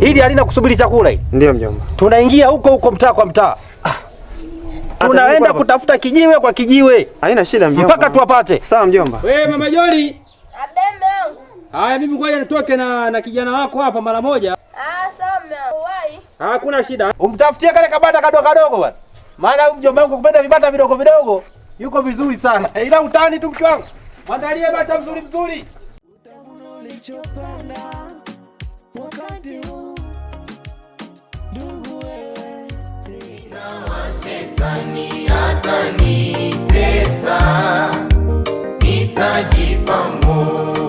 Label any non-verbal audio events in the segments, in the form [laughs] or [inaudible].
Hili halina kusubiri chakula hili. Ndio mjomba. Tunaingia huko huko mtaa kwa mtaa. Ah. Tunaenda kutafuta kijiwe kwa kijiwe. Haina shida mjomba. Mpaka tuwapate. Sawa mjomba. Wewe mama Joli. Abembe Haya mimi ngoja nitoke na na kijana wako hapa mara moja. Hakuna shida. Umtafutie kale kabata kadogo kadogo bwana. Maana mjomba wangu kupenda vibata vidogo vidogo yuko vizuri sana. [laughs] Ila utani tu mke wangu. Mwandalie bata mzuri mzuri. Utavuna ulichopanda wakati huu. Ndugu wewe. Na Nitajipa moyo.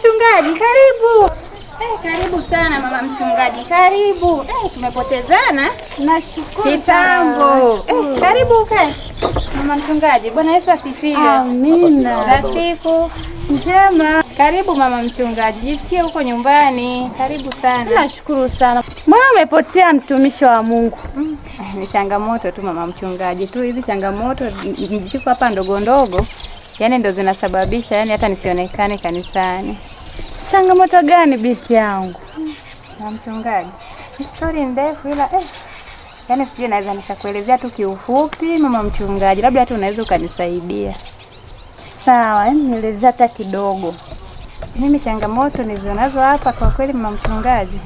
mchungaji, karibu. Hey, eh, karibu sana mama mchungaji, karibu. Hey, eh, tumepotezana nashukuru kitambo. Hey, eh, mm. karibu ukae mama mchungaji. Bwana Yesu asifiwe. Amina. Siku njema. Karibu mama mchungaji, jisikie huko nyumbani. Karibu sana. Nashukuru sana. Mbona umepotea mtumishi wa Mungu? Mm. Ni changamoto tu mama mchungaji, tu hizi changamoto ziko hapa ndogo ndogo yani ndo zinasababisha yani hata nisionekane kanisani. Changamoto gani binti yangu? Na mchungaji, stori ndefu ila eh, yani sijui naweza nikakuelezea tu kiufupi, mama mchungaji, labda hata unaweza ukanisaidia. Sawa, yaani nielezea hata kidogo. Mimi changamoto nilionazo hapa kwa kweli, mama mchungaji,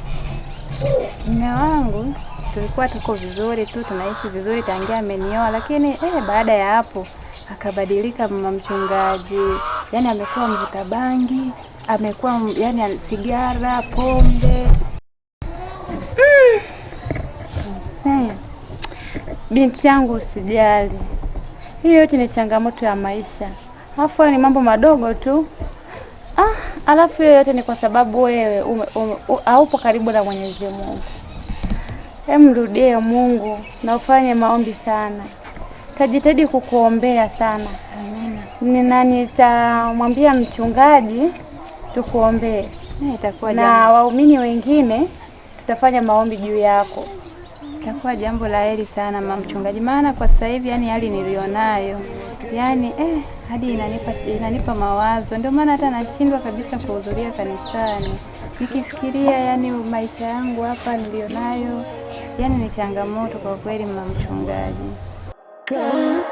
mume wangu tulikuwa tuko vizuri tu tunaishi vizuri tangia amenioa, lakini eh, baada ya hapo akabadilika mama mchungaji, yani amekuwa mvuta bangi, amekuwa yani sigara, pombe hmm. Binti yangu usijali, hiyo yote ni changamoto ya maisha, alafu ni mambo madogo tu ah, alafu hiyo yote ni kwa sababu wewe haupo karibu na Mwenyezi Mungu. Emrudie Mungu na ufanye maombi sana tajitahidi kukuombea sana. Amina. Nitamwambia mchungaji tukuombee na Waumini wengine tutafanya maombi juu yako, itakuwa jambo la heri sana mama mchungaji, maana kwa sasa hivi yani hali nilionayo yani eh, hadi inanipa inanipa mawazo, ndio maana hata nashindwa kabisa kuhudhuria kanisani nikifikiria yani maisha yangu hapa nilionayo, yani ni changamoto kwa kweli mama mchungaji. God.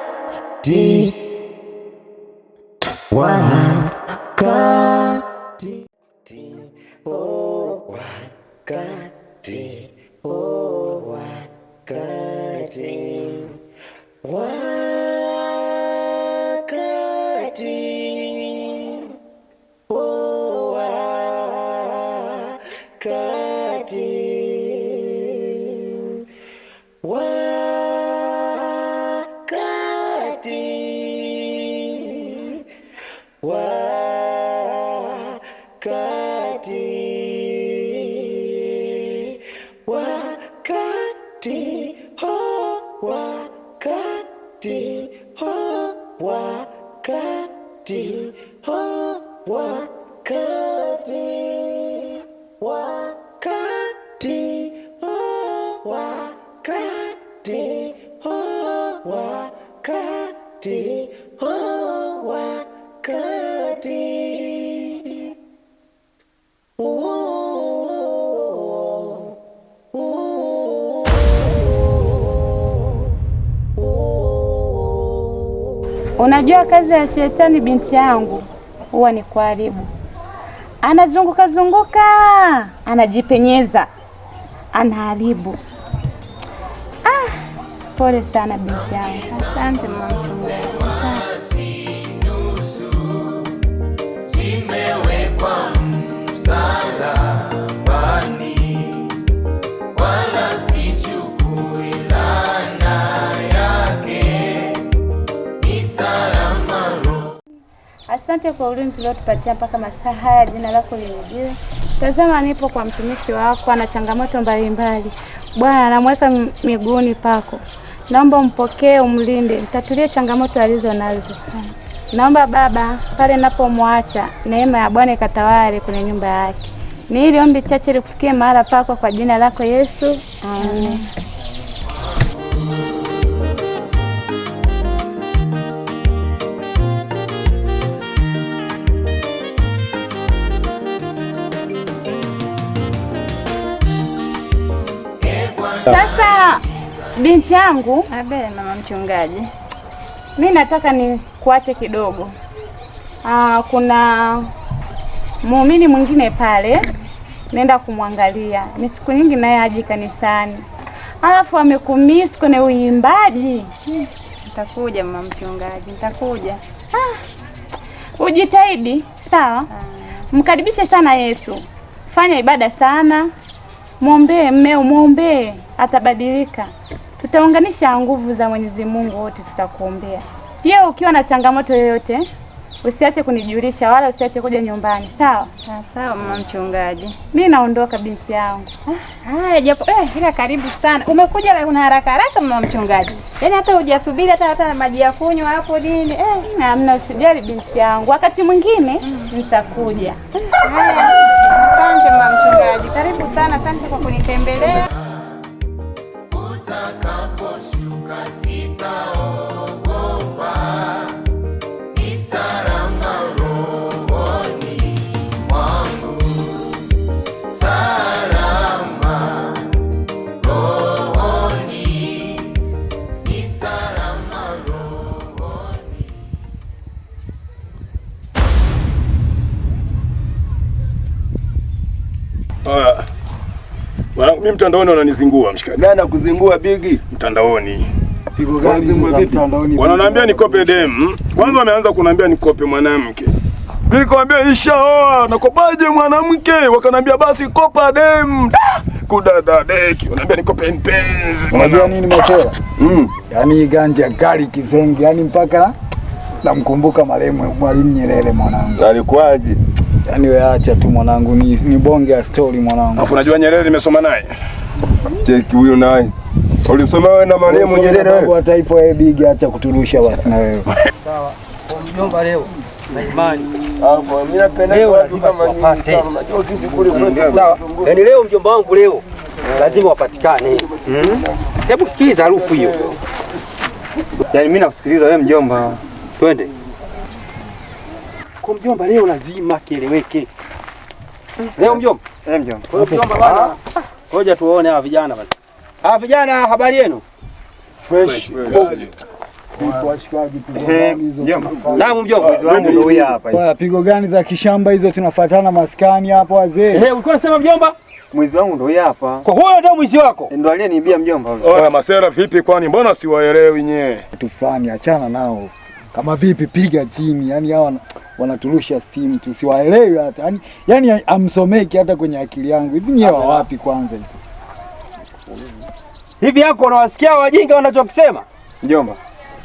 What? Unajua kazi ya shetani binti yangu huwa ni kuharibu. Anazunguka zunguka, anajipenyeza, anaharibu. Ah, pole sana binti yangu. Asante mama. Asante kwa ulinzi uliotupatia mpaka masaa haya. Jina lako linijie. Tazama, nipo kwa mtumishi wako, ana changamoto mbalimbali. Bwana, namweka miguuni pako, naomba mpokee, umlinde, mtatulie changamoto alizo nazo. Naomba Baba, pale napomwacha, neema ya Bwana ikatawale kwenye nyumba yake. Ni ili ombi chache likufikie mahala pako, kwa jina lako Yesu, amen. Binti yangu. Abe, mama mchungaji, mi nataka ni kuache kidogo. Aa, ah, kuna muumini mwingine pale naenda kumwangalia, ni siku nyingi naye aji kanisani, alafu amekumisi kwenye uimbaji. Nitakuja mama mchungaji, nitakuja. Ah, ujitahidi sawa. Ah, mkaribishe sana Yesu, fanya ibada sana, mwombee mmeo, mwombee atabadilika. Tutaunganisha nguvu za Mwenyezi Mungu, wote tutakuombea. Pia ukiwa na changamoto yoyote usiache kunijulisha, wala usiache kuja nyumbani, sawa? Ah, sawa mama mchungaji, mi naondoka binti yangu. Ah, haya japo eh, ila karibu sana. Umekuja una haraka haraka mama mchungaji, yaani hata hujasubiri hata hata maji ya kunywa hapo nini? Eh, hamna, usijali binti yangu, wakati mwingine mm. nitakuja. Ah, asante mama mchungaji, karibu sana, asante kwa kunitembelea. mtandaoni wananizingua mshikaji. Nani anakuzingua bigi? Mtandaoni. Pigo gani mtandaoni? Wananiambia nikope demu. Kwanza wameanza kuniambia nikope mwanamke. Nilikwambia ishaoa nakopaje mwanamke? Wakaniambia basi kopa demu. Kudada deki. Wananiambia nikope mpenzi. Unajua nini matoa? Mm. Yaani ganja gari kizengi, yaani mpaka namkumbuka marehemu Mwalimu Nyerere mwanangu. Alikuwaje? Yaani wewe acha tu mwanangu, ni, ni bonge ya story mwanangu. Alafu unajua Nyerere nimesoma naye. Cheki huyo naye. Ulisoma wewe na mwalimu Nyerere wa taifa wewe big, acha kuturusha basi na wewe. Sawa. Kwa mjomba leo na imani. Hapo ah, mimi napenda kwa kama ni unajua kitu kule kwetu sawa. Yaani leo mjomba wangu leo lazima wapatikane. Mhm. Hebu sikiliza harufu hiyo. Yaani mimi nakusikiliza wewe mjomba. Twende. Kwa mjomba, leo lazima kieleweke. Mm. Leo mjomba, eh mjomba, kwa hiyo mjomba ah. bwana, ngoja tuone hawa vijana bwana. Hawa vijana, habari yenu? Fresh. Oh. Eh, mjomba, pigo gani za kishamba hizo? Tunafuatana maskani hapo wazee. Hey, eh, ulikuwa unasema mjomba? Mwizi wangu ndio hapa. Kwa huyo ndio mwizi wako? Eh, ndio aliyeniibia mjomba Oya masera vipi kwani mbona siwaelewi nyewe? Tufani achana nao. Kama vipi piga chini. Yaani hawa wanaturusha steam tu, siwaelewi hata yani, yani amsomeki hata kwenye akili yangu. Hivi ni wapi kwanza hizo? Hivi yako unawasikia wajinga wanachokisema njomba?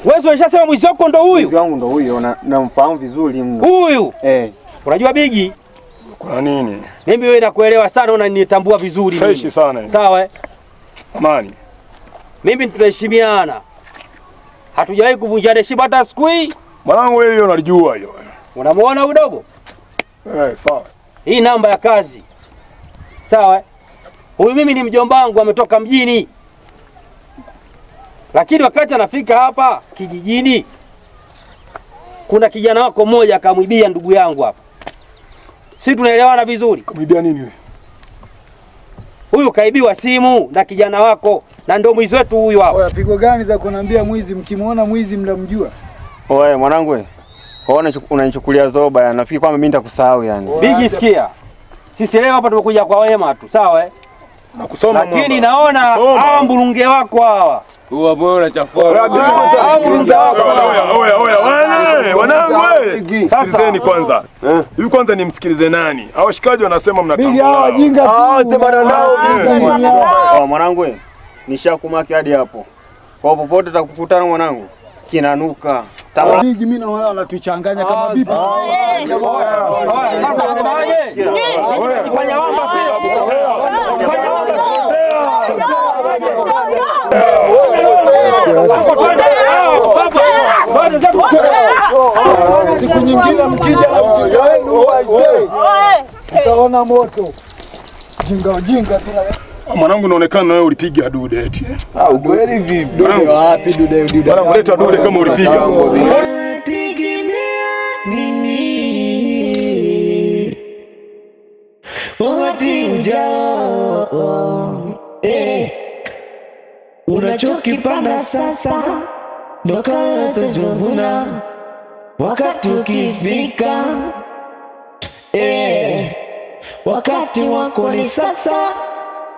Wewe ulishasema mwizi wako ndo huyu. Mwizi wangu ndo huyo, namfahamu vizuri mno huyu eh. Unajua bigi kuna nini? Mimi wewe nakuelewa sana, unanitambua vizuri mimi. Heshi sana. Sawa eh? amani, mimi tunaheshimiana, hatujawahi kuvunjana heshima hata siku hii. Mwanangu wewe, hiyo unalijua hiyo eh. Unamuona udogo? Hey, eh, sawa. Hii namba ya kazi sawa. Huyu mimi ni mjomba wangu, ametoka mjini, lakini wakati anafika hapa kijijini, kuna kijana wako mmoja akamwibia ndugu yangu hapa. Si tunaelewana vizuri? Kumwibia nini Huyu kaibiwa simu na kijana wako, na ndio mwizi wetu huyu hapa. Oya, pigo gani za kunambia mwizi? Mkimwona mwizi mnamjua. Oya mwanangu kwa hiyo unanichukulia zoba yani. Nafikiri kwamba mimi nitakusahau yani. Bigi sikia. Sisi leo hapa tumekuja kwa wema tu, sawa eh? Na kusoma mwana. Lakini naona hawa mburunge wako hawa. Huwa moyo unachafua. Hawa mburunge wako. Oya oya oya wana wanangu wewe. Eh. Sikilizeni kwanza. Eh? Hivi kwanza nimsikilize nani? Hao washikaji wanasema mnatambua. Bigi hawa jinga ah, tu. Ah, tena nao bigi. Oh, mwanangu Nishakumaki hadi hapo. Kwa popote tutakukutana mwanangu kinanuka ligi mimi na wala wanatuchanganya kama vipi? Siku nyingine mkija na mjinga wenu utaona moto. Jinga jinga tena. Mwanangu, inaonekana wewe ulipiga dude eti. Ah, ukweli vipi? Dude wapi dude dude. Mwanangu, leta dude kama ulipiga. Eh, unachokipanda sasa ndo utajivuna wakati ukifika. Eh, wakati wako ni sasa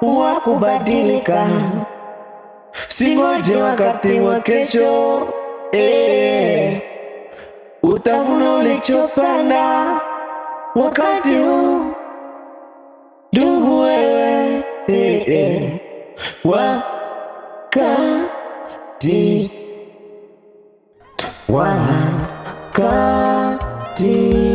wa kubadilika, singoje wakati wa kesho eh. Utavuna ulichopanda wakati huu, ndugu wewe eh, eh. Wakati wakati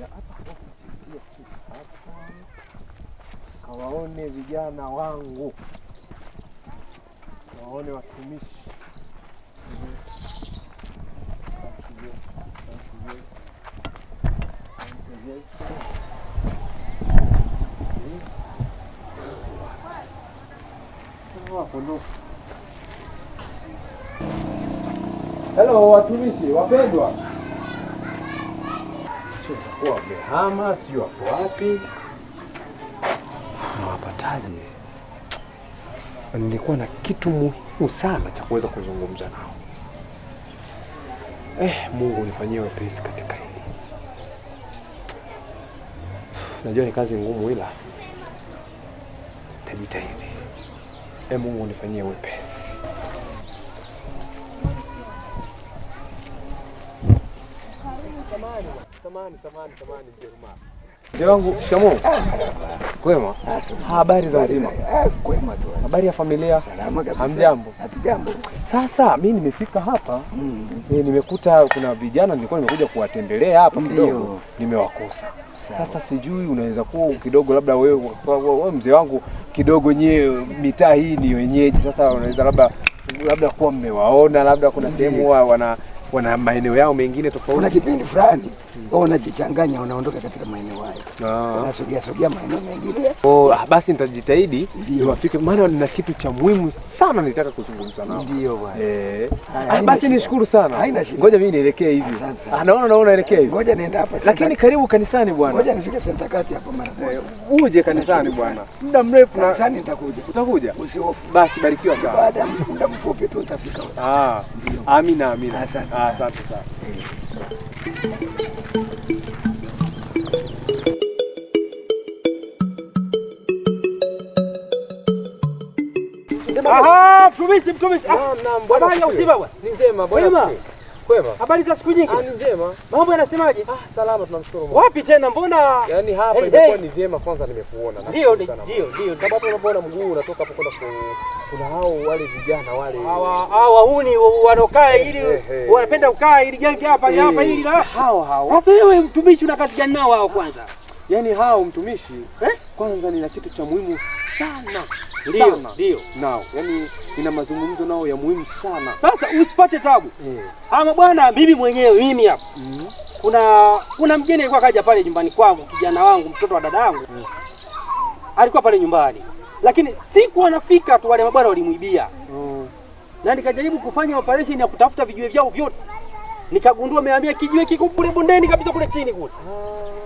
Ya kawaone vijana wangu, kawaone watumishi Hello, watumishi wapendwa. walikuwa wamehama, sio wako wapi, nawapataje? Nilikuwa na kitu muhimu sana cha kuweza kuzungumza nao. Eh, Mungu unifanyie wepesi katika hili. Najua ni kazi ngumu, ila tajitahidi. Eh, Mungu unifanyie wepesi. samani samani samani, mzee wangu, shikamoo. Kwema. Habari za uzima? Kwema tu. Habari ya familia? Salama kabisa. Hamjambo? Hatujambo. Sasa mimi nimefika hapa mm. E, nimekuta kuna vijana nilikuwa nimekuja kuwatembelea hapa kidogo, nimewakosa. Sasa sijui unaweza kuwa kidogo labda wewe wewe mzee wangu kidogo nyewe mitaa hii ni wenyeji. Sasa unaweza labda labda kuwa mmewaona labda kuna sehemu wana wana maeneo yao mengine tofauti. Kuna kipindi fulani wao wanajichanganya, wanaondoka katika maeneo hayo, ah. wanasogea sogea maeneo mengine. Oh, basi nitajitahidi niwafike, maana nina kitu cha muhimu sana nilitaka kuzungumza nao. Ndio bwana eh, ah, basi nishukuru sana. Haina shida, ngoja mimi nielekee hivi. Anaona naona naelekea hivi, ngoja nienda hapa, lakini karibu kanisani bwana. Ngoja nifike senta kati hapo mara moja, eh, uje kanisani bwana, muda mrefu na kanisani nitakuja. Utakuja, usihofu. Basi barikiwa sana. Baada ya muda mfupi tu utafika. Ah, amina amina. Asante. Ah, asante sana. Mtumishi, mtumishi. Ah, habari ya uzima Ni njema bwana. Kwema. Habari za siku nyingi? Ah, ni njema. Mambo yanasemaje? Ah, salama tunamshukuru Mungu. Wapi tena mbona? Yaani hapa hey, imekuwa hey. Ni vyema kwanza nimekuona. Ndio, ndio, ndio. Sababu unaona mguu unatoka hapo kwenda kwa kuna hao wale vijana wale. Hawa hawa huni wanokaa hey, ili hey, hey. Wanapenda kukaa ili genge hapa hey. Hapa ili la. Hao hao. Sasa wewe mtumishi una kazi gani nao hao kwanza? Yaani hao mtumishi eh? Kwanza nina kitu cha muhimu sana ndio ndio nao, yaani nina mazungumzo nao ya muhimu sana. Sasa usipate tabu eh. Ama bwana, mimi mwenyewe mimi hapa mm. Kuna kuna mgeni alikuwa kaja pale nyumbani kwangu, kijana wangu, mtoto wa dada yangu mm. Alikuwa pale nyumbani, lakini siku anafika tu wale mabwana walimwibia mm. Na nikajaribu kufanya operation ya kutafuta vijiwe vyao vyote, nikagundua amehamia kijiwe kikubwa kule bondeni kabisa kule chini kule mm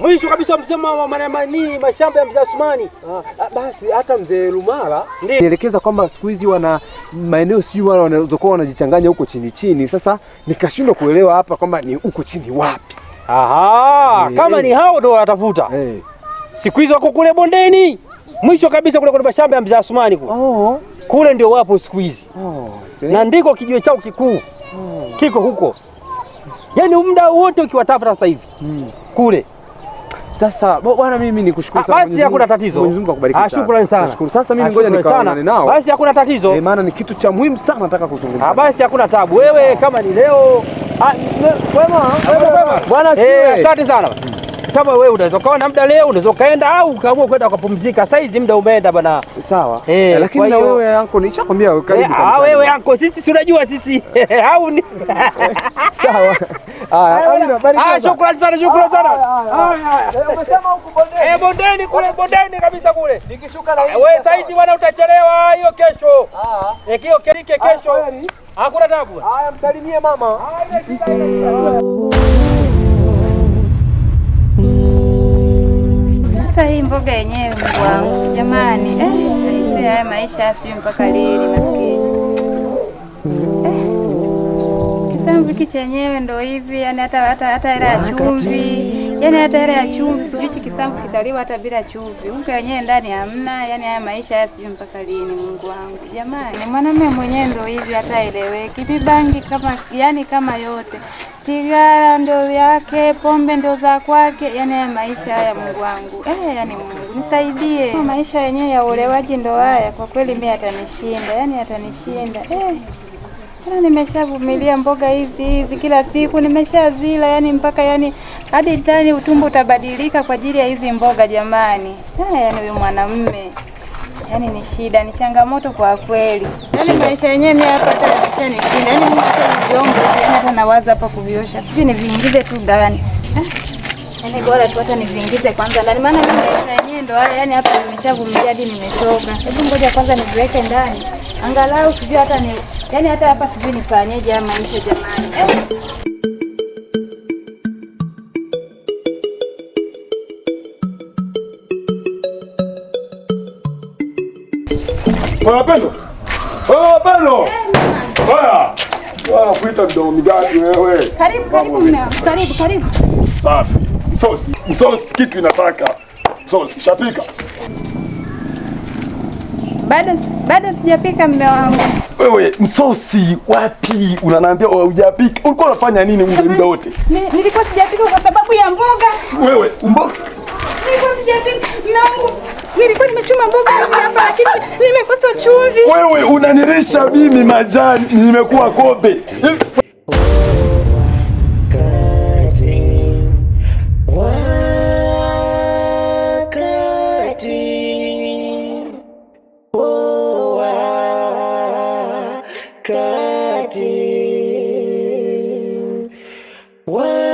mwisho kabisa mzee wa manamani mashamba ya mzee Asmani. Ah, ah, basi hata mzee Lumala ndiye nielekeza kwamba siku hizi wana maeneo sio wale wanazokuwa wanajichanganya huko chini chini. Sasa nikashindwa kuelewa hapa kwamba ni huko chini wapi. Aha, e, kama e, ni hao ndio watafuta hey. Eh. Siku hizi wako kule bondeni mwisho kabisa kule kwa mashamba ya mzee Asmani kule. Oh. Kule ndio wapo siku hizi oh, na ndiko kijiwe chao kikuu oh, kiko huko, yaani muda wote ukiwatafuta sasa hivi hmm, kule sasa bwana, mimi nikushukuru ah, sana. Basi hakuna tatizo. Mwenyezi Mungu akubariki ah, sana. Shukrani sana. Nashukuru. Sasa mimi ah, ngoja nikaonane nao. Basi hakuna tatizo. Eh, maana ni kitu cha muhimu sana nataka kuzungumza. Ah, basi hakuna tabu. Wewe kama ni leo. Bwana, eh, asante sana. Mm kama wewe unaweza ukaona muda leo, unaweza ukaenda au ukaamua kwenda kupumzika. Saa hizi muda umeenda bwana. Sawa. Eh, lakini na wewe anko nilishakwambia wewe karibu. Eh, ah, wewe anko sisi si unajua sisi. [laughs] Au ni. [laughs] Sawa. Ah, shukrani sana, shukrani sana. Eh, umesema huko bondeni. Eh, bondeni kule bondeni kabisa kule. Nikishuka na wewe saizi bwana utachelewa hiyo kesho. Ah. Eh, hiyo kelike ah, kesho. Hakuna tabu. Haya msalimie mama. Sasa hii mboga yenyewe, Mungu wangu oh. jamani, eh, haya maisha sijui mpaka lini maskini. Eh, chenyewe ndo hivi yani, hata hata hata hela ya chumvi yani, hata hela ya chumvi sijui hiki kisamvu kitaliwa hata bila chumvi, unga wenyewe ndani hamna. Yani haya maisha haya sijui mpaka lini, Mungu wangu jamani. Mwanamume mwenyewe ndo hivi, hata eleweki, vibangi kama yani kama yote sigara ndio yake, pombe ndio za kwake. Yani haya maisha haya, Mungu wangu eh, yani Mungu nisaidie. Maisha yenyewe ya ulewaji ndo haya, kwa kweli mimi atanishinda, yani atanishinda eh. Nimeshavumilia mboga hizi hizi kila siku nimeshazila, yani mpaka yani hadi tani utumbo utabadilika kwa ajili ya hizi mboga jamani. Eh, yani huyu mwanamume yani ni shida, ni changamoto kwa kweli. yani maisha yenyewe mimi hapa hata ni shida. yani mimi hata vyombo hata nawaza hapa kuviosha. Sisi ni viingize tu ndani. Eh? yani bora tu hata niviingize kwanza ndani maana mimi maisha yenyewe ndo haya. yani hapa nimeshavumilia hadi nimechoka. Hebu ngoja kwanza niviweke ndani. Angalau sijui hata ni yani hata hapa sijui nifanyeje maisha jamani. Eh? Wanapendwa? Wanapendwa? Haya. Wao kuita mdomo migati wewe. Karibu karibu eh. mmea. Karibu karibu. Safi. Msosi, msosi kitu inataka. Msosi shapika. Bado bado sijapika mume wangu. Wewe msosi wapi? Unaniambia hujapika. Ulikuwa unafanya nini ule muda wote? Nilikuwa sijapika kwa sababu ya mboga. Wewe mboga. Nilikuwa sijapika mume wangu. Nilikuwa nimechuma mboga hapa lakini nimekosa chumvi. Wewe unanirisha mimi majani, nimekuwa kobe. Wakati, wakati, wakati.